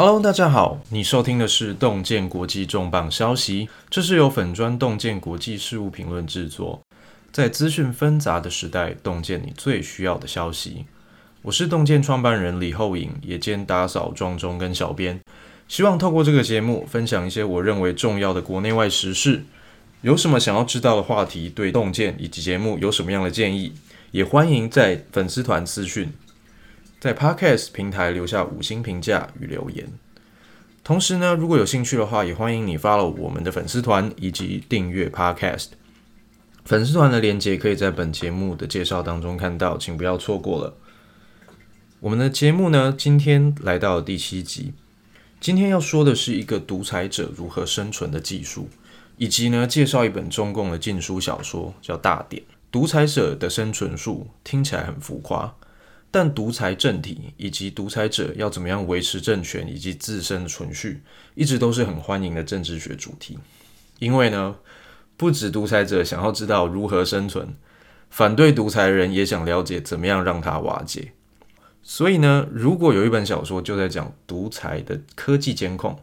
Hello，大家好，你收聽的是洞見國際重磅消息，這是由粉專洞見國際事務評論製作。在資訊紛雜的時代，洞見你最需要的消息。我是洞見創辦人李厚穎，也兼打掃、撞鐘跟小編。希望透過這個節目，分享一些我認為重要的國內外時事。有什麼想要知道的話題，對洞見以及節目有什麼樣的建議，也歡迎在粉絲團私訊。在 Podcast 平台留下五星評價與留言。同時呢，如果有興趣的話，也歡迎你 follow 我們的粉絲團以及訂閱 Podcast。粉絲團的鏈接可以在本節目的介紹當中看到，請不要錯過了。我們的節目呢，今天來到了第七集。今天要說的是一個獨裁者如何生存的技術，以及呢，介紹一本中共的禁書小說，叫《大典：獨裁者的生存術》，聽起來很浮誇。但獨裁政體以及獨裁者要怎麼樣維持政權以及自身的存續，一直都是很歡迎的政治學主題。因為呢，不止獨裁者想要知道如何生存，反對獨裁的人也想了解怎麼樣讓他瓦解。所以呢，如果有一本小說就在講獨裁的科技監控，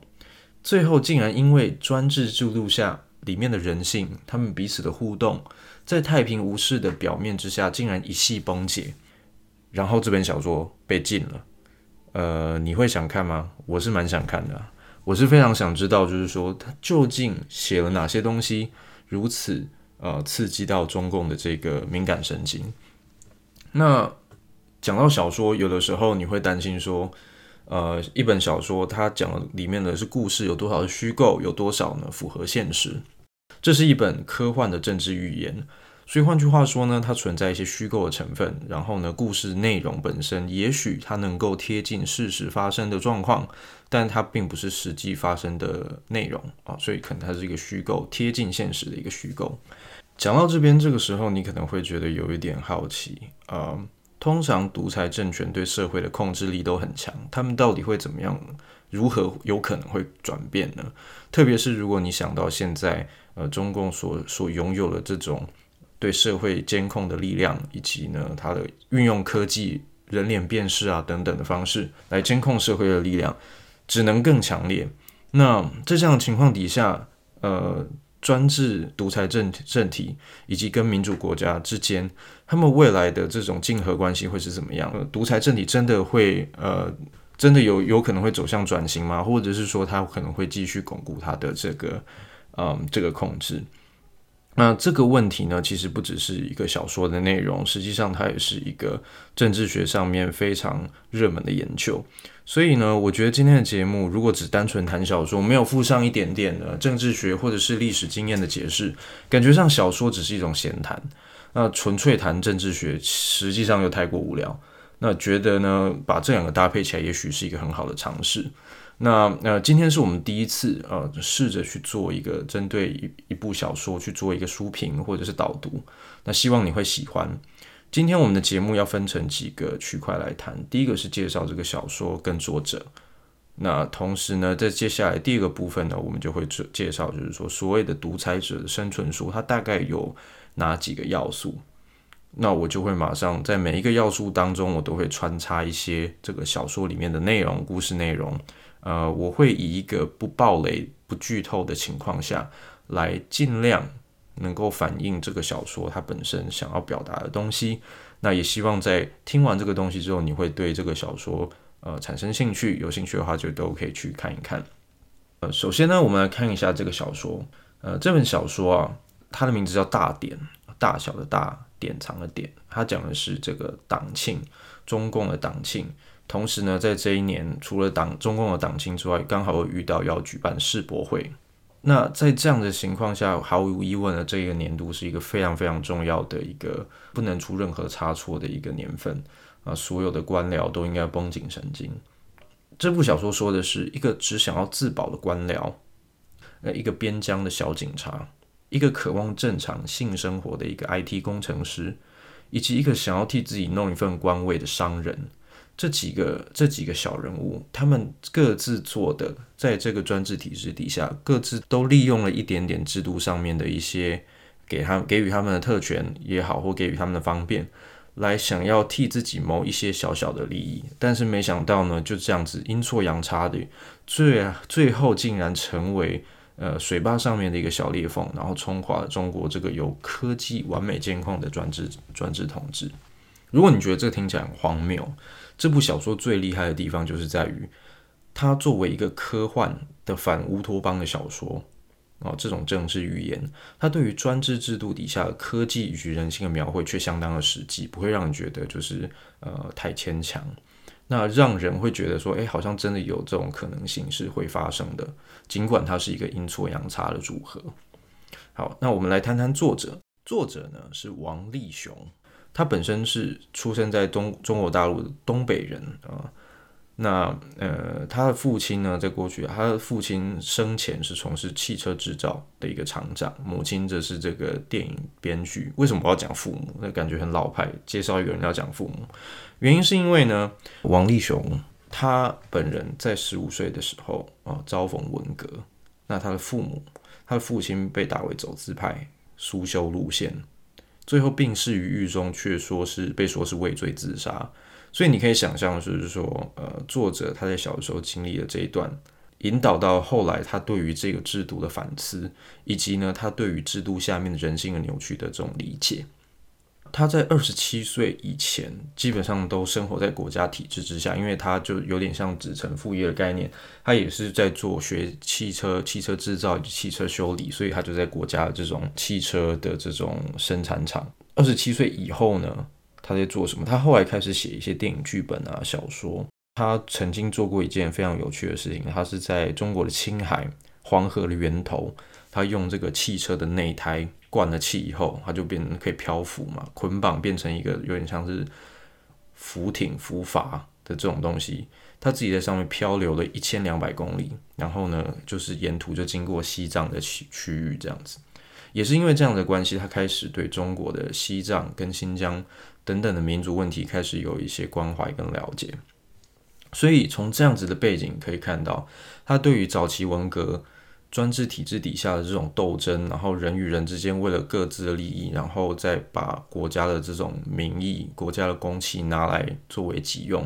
最後竟然因為專制制度下裡面的人性，他們彼此的互動，在太平無事的表面之下，竟然一夕崩解。然後這本小說被禁了，呃，你會想看嗎？我是蠻想看的，啊，我是非常想知道，就是說他究竟寫了哪些東西，如此呃刺激到中共的這個敏感神經。那講到小說，有的時候你會擔心說，呃，一本小說它講裡面的是故事，有多少是虛構，有多少呢符合現實？這是一本科幻的政治寓言。所以換句話說呢，它存在一些虛構的成分。然後呢，故事內容本身也許它能夠貼近事實發生的狀況，但它並不是實際發生的內容啊。所以可能它是一個虛構，貼近現實的一個虛構。講到這邊，這個時候你可能會覺得有一點好奇啊。通常獨裁政權對社會的控制力都很強，他們到底會怎麼樣？如何有可能會轉變呢？特別是如果你想到現在，呃，中共所所擁有的這種。對社會監控的力量，以及呢，它的運用科技、人臉辨識啊等等的方式，來監控社會的力量，只能更強烈。那在這樣的情況底下，呃，專制、獨裁政政體以及跟民主國家之間，他們未來的這種競合關係會是怎麼樣？呃、獨裁政體真的會呃，真的有有可能會走向轉型嗎？或者是說，它可能會繼續鞏固它的這個嗯、呃、這個控制？那這個問題呢，其實不只是一個小說的內容，實際上它也是一個政治學上面非常熱門的研究。所以呢，我覺得今天的節目如果只單純談小說，沒有附上一點點的政治學或者是歷史經驗的解釋，感覺上小說只是一種閒談。那純粹談政治學，實際上又太過無聊。那覺得呢，把這兩個搭配起來，也許是一個很好的嘗試。那呃，今天是我們第一次呃，試着去做一個針對一一部小說去做一個書評或者是導讀。那希望你會喜歡。今天我們的節目要分成幾個區塊來談。第一個是介紹這個小說跟作者。那同時呢，在接下來第二個部分呢，我們就會介介紹，就是說所謂的獨裁者的生存術，它大概有哪幾個要素。那我就會馬上在每一個要素當中，我都會穿插一些這個小說裡面的內容、故事內容。呃，我會以一個不暴雷、不劇透的情況下來，盡量能夠反映這個小說它本身想要表達的東西。那也希望在聽完這個東西之後，你會對這個小說呃產生興趣。有興趣的話，就都可以去看一看。呃，首先呢，我們來看一下這個小說。呃，這本小說啊，它的名字叫《大典》，大小的“大”，典藏的“典”。它講的是這個黨慶，中共的黨慶。同時呢，在這一年，除了黨中共的黨慶之外，剛好會遇到要舉辦世博會。那在這樣的情況下，毫無疑問呢，這個年度是一個非常非常重要的一個不能出任何差錯的一個年份啊！所有的官僚都應該繃緊神經。這部小說說的是一個只想要自保的官僚，呃，一個邊疆的小警察，一個渴望正常性生活的一個 IT 工程師，以及一個想要替自己弄一份官位的商人。這幾個這幾個小人物，他們各自做的，在這個專制體制底下，各自都利用了一點點制度上面的一些，給他給予他們的特權也好，或給予他們的方便，來想要替自己謀一些小小的利益。但是沒想到呢，就這樣子陰錯陽差的，最最後竟然成為呃水壩上面的一個小裂縫，然後沖垮了中國這個有科技完美監控的專制專制統治。如果你覺得這個聽起來很荒謬，這部小說最厲害的地方就是在於，它作為一個科幻的反烏托邦的小說，啊、哦，這種政治寓言，它對於專制制度底下的科技與人性的描繪卻相當的實際，不會讓人覺得就是呃太牽強，那讓人會覺得說，哎，好像真的有這種可能性是會發生的，儘管它是一個陰錯陽差的組合。好，那我們來談談作者，作者呢是王力雄。他本身是出生在東中國大陸的東北人啊、呃，那呃，他的父親呢，在過去、啊，他的父親生前是從事汽車制造的一個廠長，母親則是這個電影編劇。為什麼我要講父母？那感覺很老派。介紹一個人要講父母，原因是因為呢，王力雄他本人在十五歲的時候啊，遭、呃、逢文革，那他的父母，他的父親被打為走資派，蘇修路線。最後病逝於獄中，卻說是被說是畏罪自殺。所以你可以想象，就是說，呃，作者他在小時候經歷的這一段，引導到後來他對於這個制度的反思，以及呢，他對於制度下面的人性的扭曲的這種理解。他在二十七歲以前，基本上都生活在國家體制之下，因為他就有點像子承父業的概念。他也是在做學汽車、汽車製造以及汽車修理，所以他就在國家的這種汽車的這種生產廠。二十七歲以後呢，他在做什麼？他後來開始寫一些電影劇本啊、小說。他曾經做過一件非常有趣的事情，他是在中國的青海黃河的源頭，他用這個汽車的內胎。灌了氣以後，它就變成可以漂浮嘛，捆綁變成一個有點像是浮艇浮筏的這種東西，它自己在上面漂流了一千兩百公里，然後呢，就是沿途就經過西藏的區區域這樣子，也是因為這樣的關係，他開始對中國的西藏跟新疆等等的民族問題開始有一些關懷跟了解，所以從這樣子的背景可以看到，他對於早期文革、專制體制底下的這種鬥爭，然後人與人之間為了各自的利益，然後再把國家的這種名義，國家的公器拿來作為己用，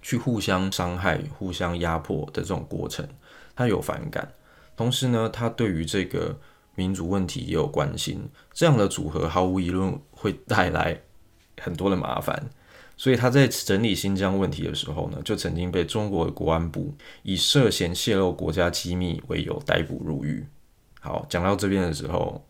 去互相傷害、互相壓迫的這種過程，他有反感；同時呢，他對於這個民主問題也有關心。這樣的組合，毫無疑問會帶來很多的麻煩。所以他在整理新疆問題的時候呢，就曾經被中國的國安部以涉嫌洩露國家機密為由逮捕入獄。好，講到這邊的時候，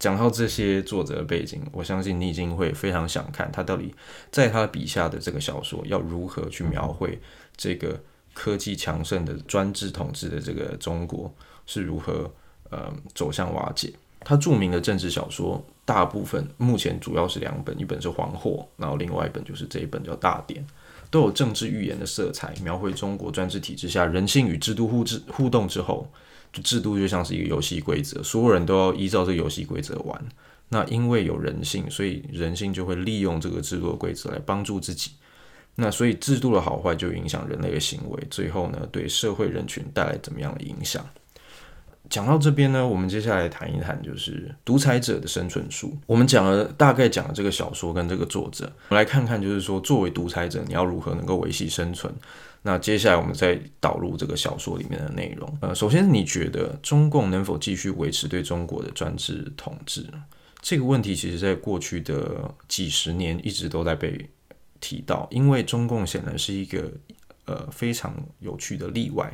講到這些作者的背景，我相信你已經會非常想看他到底在他筆下的這個小說要如何去描繪這個科技強盛的專制統治的這個中國是如何呃走向瓦解。他著名的政治小說。大部分目前主要是兩本，一本是《黃禍》，然後另外一本就是這一本叫《大典》，都有政治寓言的色彩，描繪中國專制體制下人性與制度互制互動之後，制度就像是一個遊戲規則，所有人都要依照這個遊戲規則玩。那因為有人性，所以人性就會利用這個制度的規則來幫助自己。那所以制度的好壞就影響人類的行為，最後呢，對社會人群帶來怎麼樣的影響？講到這邊呢，我們接下來談一談，就是獨裁者的生存術。我們講了大概講了這個小說跟這個作者，我們來看看，就是說作為獨裁者，你要如何能夠維繫生存。那接下來我們再導入這個小說裡面的內容。呃，首先你覺得中共能否繼續維持對中國的專制統治？這個問題其實在過去的幾十年一直都在被提到，因為中共顯然是一個呃非常有趣的例外，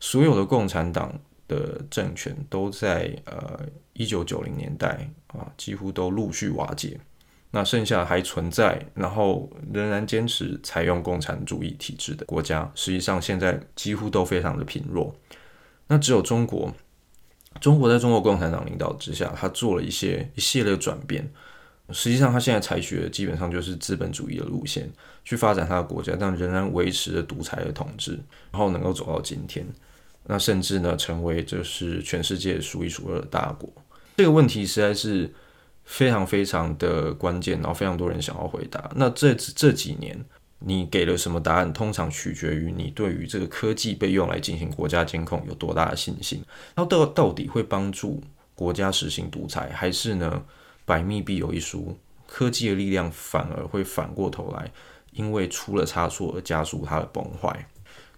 所有的共產黨。的政權都在呃一九九零年代啊，幾乎都陸續瓦解。那剩下還存在，然後仍然堅持採用共產主義體制的國家，實際上現在幾乎都非常的貧弱。那只有中國，中國在中國共產黨領導之下，他做了一些一系列的轉變。實際上，他現在採取的基本上就是資本主義的路線去發展他的國家，但仍然維持著獨裁的統治，然後能夠走到今天。那甚至呢，成為就是全世界數一數二的大國。這個問題實在是非常非常的關鍵，然後非常多人想要回答。那這這幾年你給了什麼答案？通常取決於你對於這個科技被用來進行國家監控有多大的信心。那到到底會幫助國家實行獨裁，還是呢百密必有一疏？科技的力量反而會反過頭來，因為出了差錯而加速它的崩壞。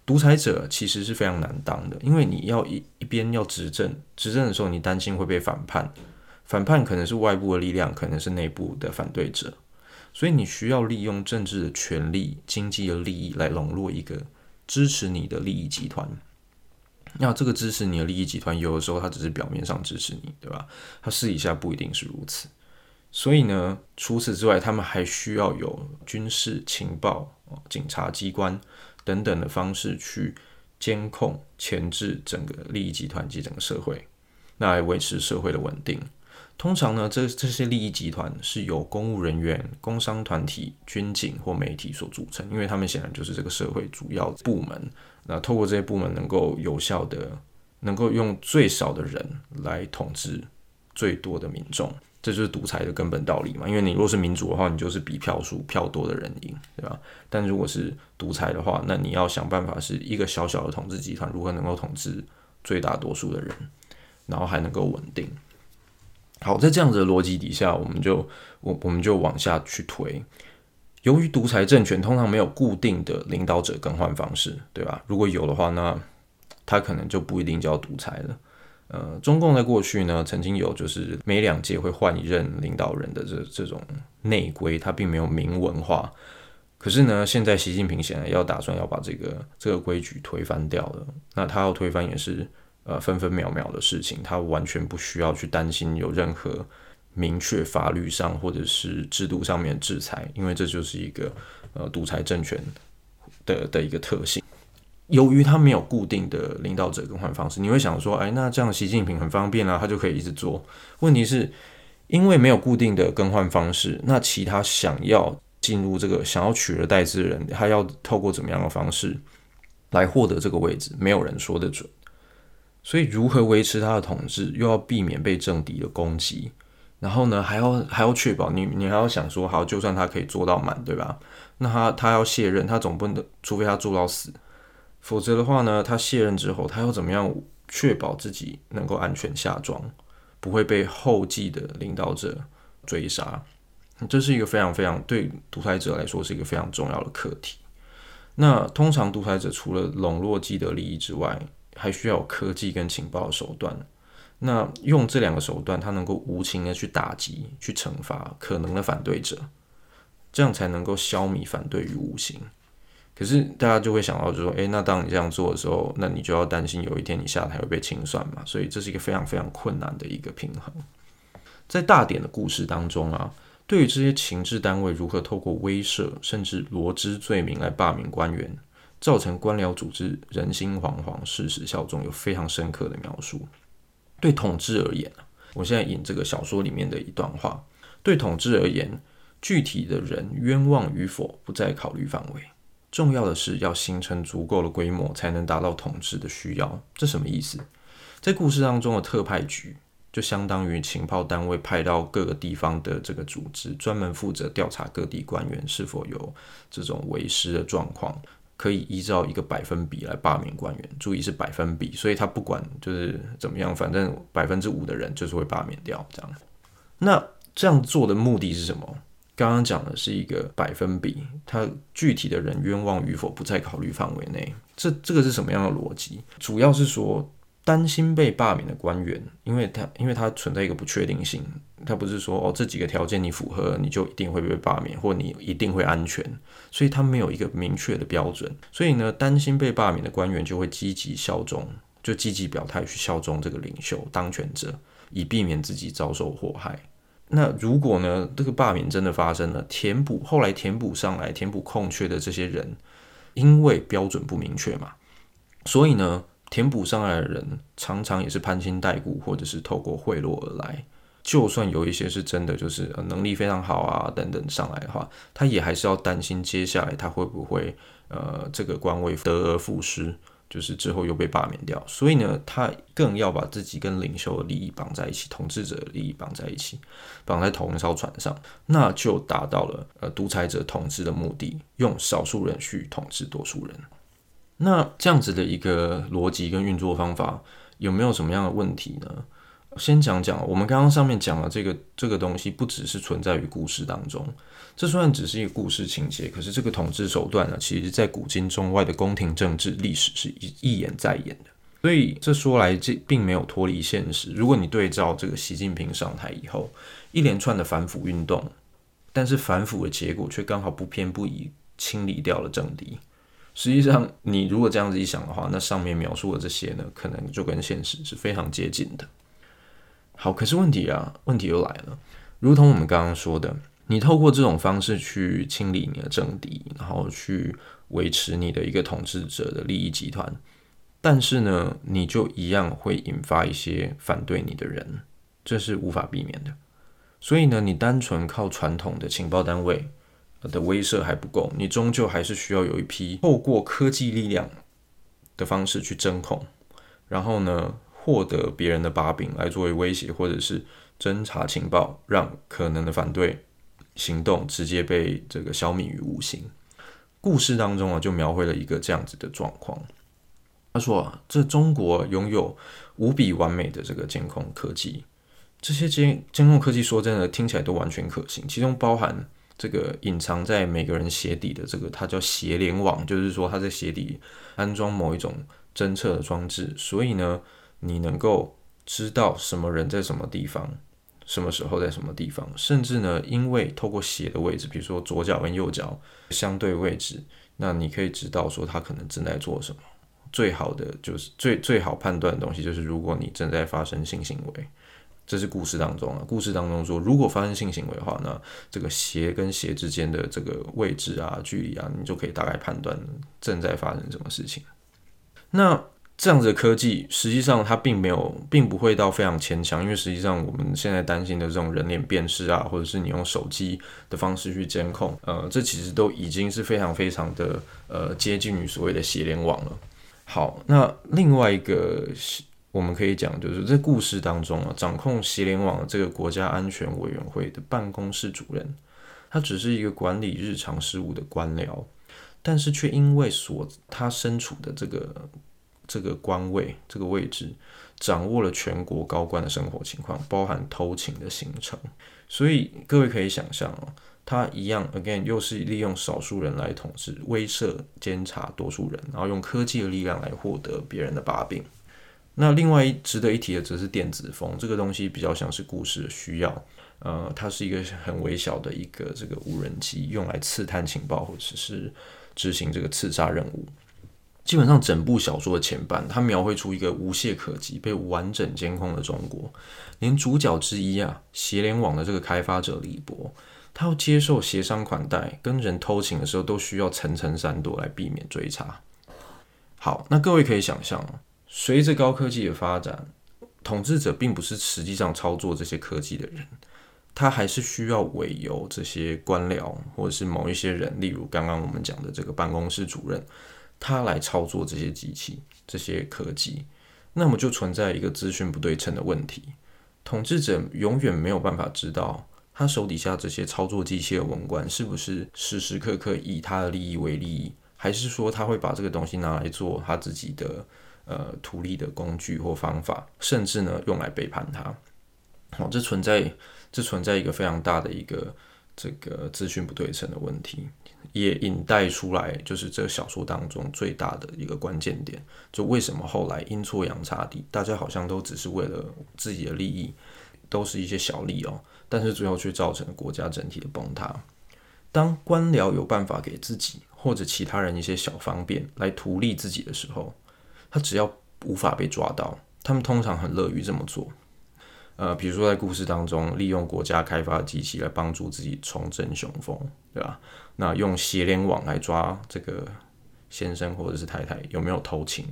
獨裁者其實是非常難當的，因為你要一一邊要執政，執政的時候你擔心會被反叛，反叛可能是外部的力量，可能是內部的反對者，所以你需要利用政治的權力、經濟的利益來籠絡一個支持你的利益集團。那這個支持你的利益集團，有的時候他只是表面上支持你，對吧？他私底下不一定是如此。所以呢，除此之外，他們還需要有軍事情報、警察機關。等等的方式去監控、鉗制整個利益集團及整個社會，那來維持社會的穩定。通常呢，這這些利益集團是由公務人員、工商團體、軍警或媒體所組成，因為他們顯然就是這個社會主要部門。那透過這些部門，能夠有效的、能夠用最少的人來統治最多的民眾。這就是獨裁的根本道理嘛，因為你若是民主的話，你就是比票數票多的人贏，對吧？但如果是獨裁的話，那你要想辦法是一個小小的統治集團如何能夠統治最大多數的人，然後還能夠穩定。好，在這樣子的邏輯底下，我們就我我們就往下去推。由於獨裁政權通常沒有固定的領導者更換方式，對吧？如果有的話，那他可能就不一定叫獨裁了。呃，中共在過去呢，曾經有就是每兩屆會換一任領導人的這這種內規，它並沒有明文化。可是呢，現在習近平顯然要打算要把這個這個規矩推翻掉了。那他要推翻也是呃分分秒秒的事情，他完全不需要去擔心有任何明確法律上或者是制度上面制裁，因為這就是一個呃獨裁政權的的一個特性。由於他沒有固定的領導者更換方式，你會想說，哎，那這樣習近平很方便啊，他就可以一直做。問題是因為沒有固定的更換方式，那其他想要進入這個、想要取而代之的人，他要透過怎麼樣的方式來獲得這個位置？沒有人說得準。所以，如何維持他的統治，又要避免被政敵的攻擊，然後呢，還要還要確保你，你還要想說，好，就算他可以做到滿，對吧？那他他要卸任，他總不能，除非他做到死。否則的話呢，他卸任之後，他要怎麼樣確保自己能夠安全下莊，不會被後繼的領導者追殺？這是一個非常非常對獨裁者來說是一個非常重要的課題。那通常獨裁者除了籠絡既得利益，之外，還需要有科技跟情報的手段。那用這兩個手段，他能夠無情的去打擊、去懲罰可能的反對者，這樣才能夠消弭反對於無形。可是大家就會想到就說，哎，那當你這樣做的時候，那你就要擔心有一天你下台會被清算嘛。所以這是一個非常非常困難的一個平衡。在大典的故事當中啊，對於這些情治單位如何透過威懾甚至羅織罪名，來罷免官員，造成官僚組織人心惶惶、誓死效忠，有非常深刻的描述。對統治而言，我現在引這個小說裡面的一段話：對統治而言，具體的人冤枉與否不在考慮範圍。重要的是要形成足夠的規模，才能達到統治的需要。這是什麼意思？在故事當中的特派局就相當於情報單位派到各個地方的這個組織，專門負責調查各地官員是否有這種違失的狀況，可以依照一個百分比來罷免官員。注意是百分比，所以他不管就是怎麼樣，反正百分之五的人就是會罷免掉。這樣，那這樣做的目的是什麼？剛剛講的是一個百分比，他具體的人冤枉與否不在考慮範圍內。這這個是什麼樣的邏輯？主要是說擔心被罷免的官員，因為他因為他存在一個不確定性，他不是說哦，這幾個條件你符合你就一定會被罷免，或你一定會安全，所以他沒有一個明確的標準。所以呢，擔心被罷免的官員就會積極效忠，就積極表態去效忠這個領袖當權者，以避免自己遭受禍害。那如果呢，這個罷免真的發生了，填補後來填補上來填補空缺的這些人，因為標準不明確嘛，所以呢，填補上來的人常常也是攀親帶故，或者是透過賄賂而來。就算有一些是真的，就是、呃、能力非常好啊等等上來的話，他也還是要擔心接下來他會不會呃這個官位得而復失。就是之後又被罷免掉，所以呢，他更要把自己跟領袖的利益綁在一起，統治者的利益綁在一起，綁在同一艘船上，那就達到了呃獨裁者統治的目的，用少數人去統治多數人。那這樣子的一個邏輯跟運作方法有沒有什麼樣的問題呢？先講講我們剛剛上面講的這個這個東西，不只是存在於故事當中。這雖然只是一個故事情節，可是這個統治手段呢、啊，其實在古今中外的宮廷政治歷史是一一演再演的，所以這說來這並沒有脫離現實。如果你對照這個習近平上台以後一連串的反腐運動，但是反腐的結果卻剛好不偏不倚清理掉了政敵。實際上，你如果這樣子一想的話，那上面描述的這些呢，可能就跟現實是非常接近的。好，可是問題啊，問題又來了，如同我們剛剛說的。你透過這種方式去清理你的政敵，然後去維持你的一個統治者的利益集團，但是呢，你就一樣會引發一些反對你的人，這是無法避免的。所以呢，你單純靠傳統的情報單位的威懾還不夠，你終究還是需要有一批透過科技力量的方式去偵控，然後呢，獲得別人的把柄來作為威脅，或者是偵查情報，讓可能的反對。行動直接被這個消滅於無形。故事當中啊，就描繪了一個這樣子的狀況。他說啊：“這中國擁有無比完美的這個監控科技，這些監監控科技，說真的，聽起來都完全可行。其中包含這個隱藏在每個人鞋底的這個，它叫鞋聯網，就是說它在鞋底安裝某一種偵測的裝置，所以呢，你能夠知道什麼人在什麼地方。”什麼時候在什麼地方，甚至呢，因為透過鞋的位置，比如說左腳跟右腳相對位置，那你可以知道說他可能正在做什麼。最好的就是最最好判斷的東西就是，如果你正在發生性行為，這是故事當中啊，故事當中說，如果發生性行為的話呢，那這個鞋跟鞋之間的這個位置啊、距離啊，你就可以大概判斷正在發生什麼事情。那這樣子的科技，實際上它並沒有，並不會到非常牽強，因為實際上我們現在擔心的這種人臉辨識啊，或者是你用手機的方式去監控，呃，這其實都已經是非常非常的呃接近於所謂的邪聯網了。好，那另外一個我們可以講，就是在故事當中啊，掌控邪聯網的這個國家安全委員會的辦公室主任，他只是一個管理日常事務的官僚，但是卻因為所他身處的這個。這個官位，這個位置，掌握了全國高官的生活情況，包含偷情的行程。所以各位可以想象哦，他一樣 again 又是利用少數人來統治，威懾監察多數人，然後用科技的力量來獲得別人的把柄。那另外值得一提的則是電子風這個東西，比較像是故事的需要，呃，它是一個很微小的一個這個無人機，用來刺探情報或者是執行這個刺殺任務。基本上整部小說的前半，他描繪出一個無懈可擊、被完整監控的中國。連主角之一啊，協聯網的這個開發者李博，他要接受協商款待、跟人偷情的時候，都需要層層閃躲來避免追查。好，那各位可以想象，隨着高科技的發展，統治者並不是實際上操作這些科技的人，他還是需要委由這些官僚或者是某一些人，例如剛剛我們講的這個辦公室主任。他來操作這些機器、這些科技，那麼就存在一個資訊不對稱的問題。統治者永遠沒有辦法知道，他手底下這些操作機器的文官是不是時時刻刻以他的利益為利益，還是說他會把這個東西拿來做他自己的呃圖利的工具或方法，甚至呢用來背叛他。好、哦，這存在這存在一個非常大的一個這個資訊不對稱的問題。也引帶出來，就是這個小說當中最大的一個關鍵點，就為什麼後來陰錯陽差的，大家好像都只是為了自己的利益，都是一些小利哦，但是最後卻造成國家整體的崩塌。當官僚有辦法給自己或者其他人一些小方便來圖利自己的時候，他只要無法被抓到，他們通常很樂於這麼做。呃，比如說在故事當中，利用國家開發的機器來幫助自己重振雄風，對吧？那用邪聯網來抓這個先生或者是太太有沒有偷情？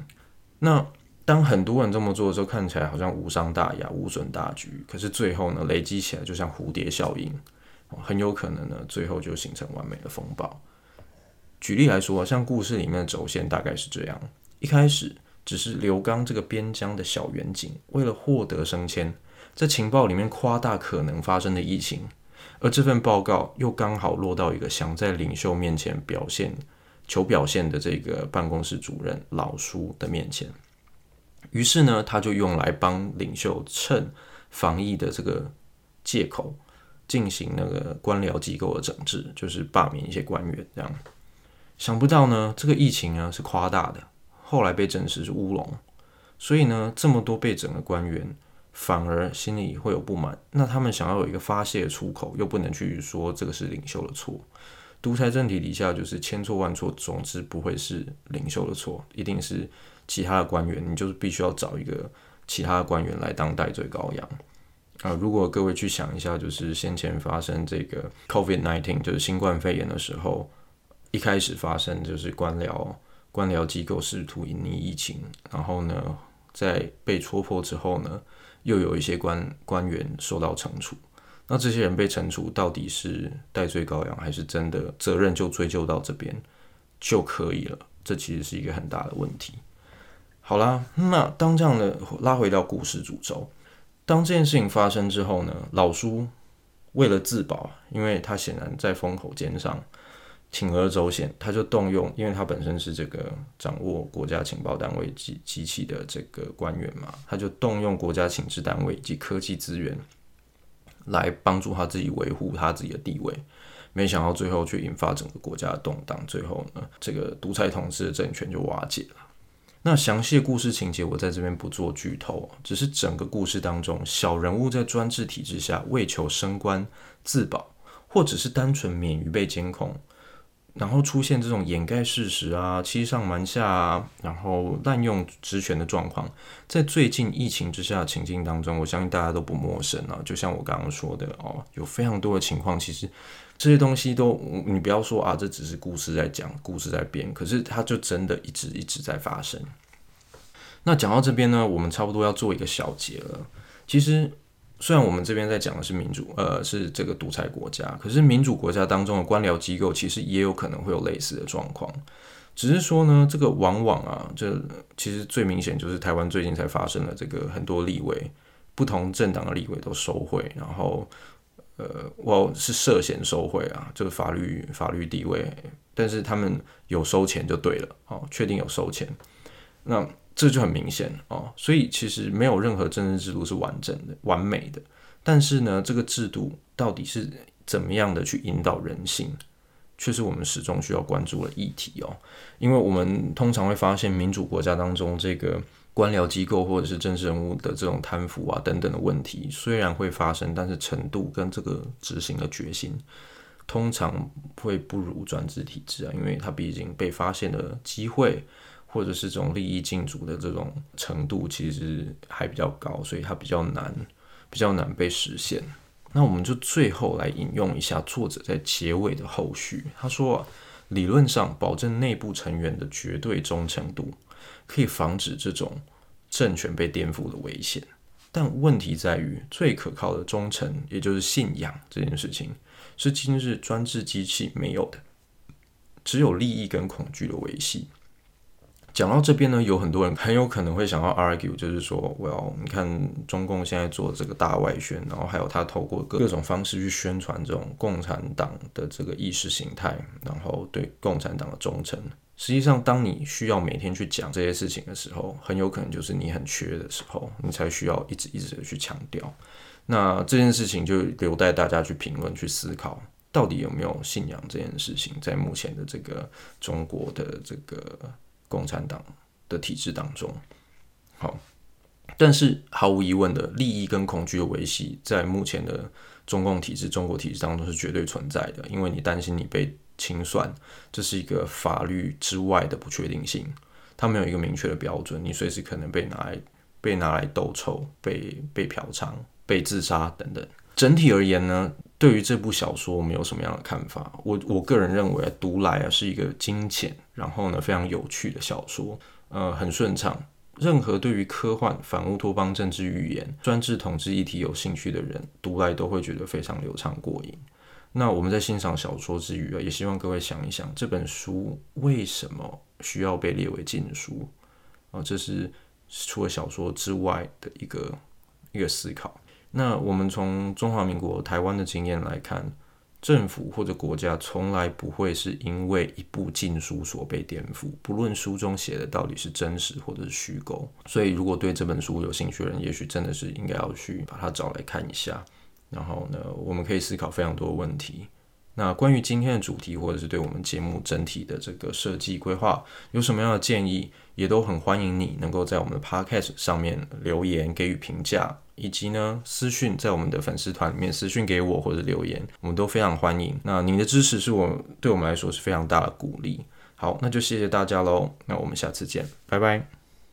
那當很多人這麼做的時候，看起來好像無傷大雅、無損大局，可是最後呢，累積起來就像蝴蝶效應，很有可能呢，最後就形成完美的風暴。舉例來說，像故事裡面的軸線大概是這樣：一開始只是劉剛這個邊疆的小員警，為了獲得升遷。在情報裡面誇大可能發生的疫情，而這份報告又剛好落到一個想在領袖面前表現、求表現的這個辦公室主任老叔的面前，於是呢，他就用來幫領袖趁防疫的這個借口進行那個官僚機構的整治，就是罷免一些官員。這樣想不到呢，這個疫情呢是誇大的，後來被證實是烏龍，所以呢，這麼多被整的官員。反而心裡會有不滿，那他們想要有一個發洩的出口，又不能去說這個是領袖的錯。獨裁政體底下就是千錯萬錯，總之不會是領袖的錯，一定是其他的官員。你就是必須要找一個其他的官員來當代罪羔羊。啊、呃，如果各位去想一下，就是先前發生這個 COVID-19，就是新冠肺炎的時候，一開始發生就是官僚官僚機構試圖隱匿疫情，然後呢，在被戳破之後呢，又有一些官官員受到懲處。那這些人被懲處到底是代罪羔羊，還是真的責任就追究到這邊就可以了？這其實是一個很大的問題。好啦，那當這樣的拉回到故事主軸，當這件事情發生之後呢，老叔為了自保，因為他顯然在風口尖上。鋌而走險，他就動用，因為他本身是這個掌握國家情報單位及機器的這個官員嘛，他就動用國家情治單位以及科技資源，來幫助他自己維護他自己的地位，沒想到最後卻引發整個國家的動盪，最後呢，這個獨裁統治的政權就瓦解了。那詳細的故事情節我在這邊不做劇透，只是整個故事當中，小人物在專制體制下為求升官自保，或者是單純免於被監控，然後出現這種掩蓋事實啊、欺上瞞下啊，然後濫用職權的狀況，在最近疫情之下的情境當中，我相信大家都不陌生啊。就像我剛剛說的哦，有非常多的情況，其實這些東西都，你不要說啊，這只是故事在講故事在編，可是它就真的一直一直在發生。那講到這邊呢，我們差不多要做一個小結了。其實。雖然我們這邊在講的是民主，呃，是這個獨裁國家，可是民主國家當中的官僚機構其實也有可能會有類似的狀況，只是說呢，這個往往啊，這其實最明顯就是台灣最近才發生了這個很多立委、不同政黨的立委都收賄，然後呃，我是涉嫌收賄啊，這個法律法律地位，但是他們有收錢就對了，哦，確定有收錢。那這就很明顯哦，所以其實沒有任何政治制度是完整的、完美的。但是呢，這個制度到底是怎麼樣的去引導人性，卻是我們始終需要關注的議題哦。因為我們通常會發現，民主國家當中這個官僚機構或者是政治人物的這種貪腐啊等等的問題，雖然會發生，但是程度跟這個執行的決心，通常會不如專制體制啊，因為它畢竟被發現的機會。或者是這種利益競逐的這種程度，其實還比較高，所以它比較難，比較難被實現。那我們就最後來引用一下作者在結尾的後續，他說：“理論上，保證內部成員的絕對忠誠度，可以防止這種政權被顛覆的危險。但問題在於，最可靠的忠誠，也就是信仰這件事情，是今日專制機器沒有的，只有利益跟恐懼的維繫。”講到這邊呢，有很多人很有可能會想要 argue，就是說，Well，你看中共現在做這個大外宣，然後還有他透過各種方式去宣傳這種共產黨的這個意識形態，然後對共產黨的忠誠。實際上，當你需要每天去講這些事情的時候，很有可能就是你很缺的時候，你才需要一直一直的去強調。那這件事情就留待大家去評論、去思考，到底有沒有信仰這件事情，在目前的這個中國的這個。共產黨的體制當中，好，但是毫無疑問的利益跟恐懼的維繫，在目前的中共體制、中國體制當中是絕對存在的。因為你擔心你被清算，這是一個法律之外的不確定性，它沒有一個明確的標準，你隨時可能被拿來、被拿來鬥臭、被被嫖娼、被自殺等等。整體而言呢，對於這部小說，我們有什麼樣的看法？我我個人認為，讀來啊，是一個精簡，然後呢非常有趣的小說，呃，很順暢。任何對於科幻、反烏托邦、政治寓言、專制統治議題有興趣的人，讀來都會覺得非常流暢過癮。那我們在欣賞小說之餘啊，也希望各位想一想，這本書為什麼需要被列為禁書？啊、呃，這是除了小說之外的一個一個思考。那我們從中華民國台灣的經驗來看，政府或者國家從來不會是因為一部禁書所被顛覆，不論書中寫的到底是真實或者是虛構。所以，如果對這本書有興趣的人，也許真的是應該要去把它找來看一下。然後呢，我們可以思考非常多的問題。那關於今天的主題，或者是對我們節目整體的這個設計規劃，有什麼樣的建議，也都很歡迎你能夠在我們的 Podcast 上面留言給予評價。以及呢，私訊在我們的粉絲團裡面私訊給我或者留言，我們都非常歡迎。那您的支持是我對我們來說是非常大的鼓勵。好，那就謝謝大家嘍，那我們下次見，拜拜。